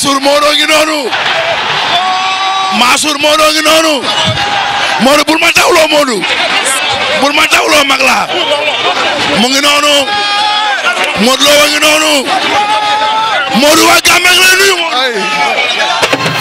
Mansour Modou ngi noonu Mansour Modou ngi noonu Modou bul ma dawloo Modou bul ma dawloo mag mu ngi noonu Modou Lo ngi noonu Modou waa Gambie ngi lay nuyu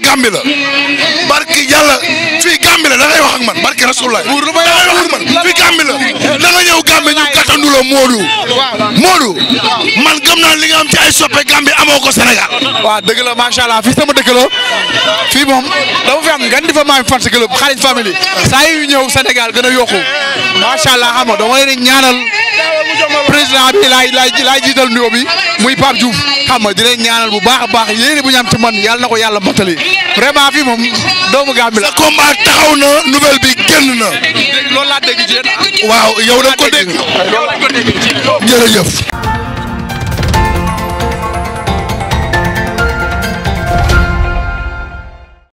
Sénégal Gambie la barki yàlla fii Gambie la da ngay wax ak man barki Rasulullah da ngay wax ak man fii Gambie la da nga ñëw Gambie ñu gàttandu la Modou Modou man gëm naa li nga am ci ay soppe Gambie amoo ko Sénégal waaw dëgg la macha allah fii sama dëkk la moom dama fi am gan di fa maam fan si club xaalis saa yu ñëw Sénégal gën a yokku allah xam nga dama leen ñaanal moment bi laay laay laay jiital nuyoo bi muy Pape Diouf xam nga di leen ñaanal bu baax a baax yéene bu ñu am ci man yal na ko yàlla mottali vraiment fii moom doomu Gambie la. sa combat taxaw na nouvelle bi génn na. loolu laa dégg ci yéen waaw yow da ko dégg. jërëjëf.